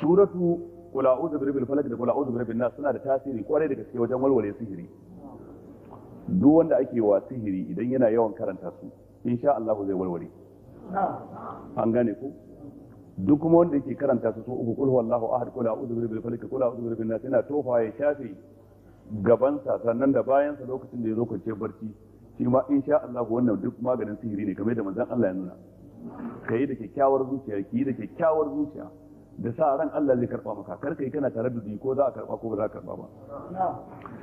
suratu kula uzu bi rabbil falaq da kula uzu bi rabbin nas suna da tasiri kwarai da gaske wajen walwale sihiri duk wanda ake wa sihiri idan yana yawan karanta su insha Allah zai walwale an gane ku duk kuma wanda yake karanta su uku kul huwallahu ahad uzu, a'udhu birabbil falaq kula, uzu, birabbin nas yana tofa ya shafe gaban sa sannan da bayan sa lokacin da ya zo kwance barci shi ma insha Allah wannan duk maganin sihiri ne kamar da manzon Allah ya nuna kai da kyakkyawar zuciya ki da kyakkyawar zuciya da sa ran Allah zai karba maka yi kana tare da ko za a karba ko ba za a karba ba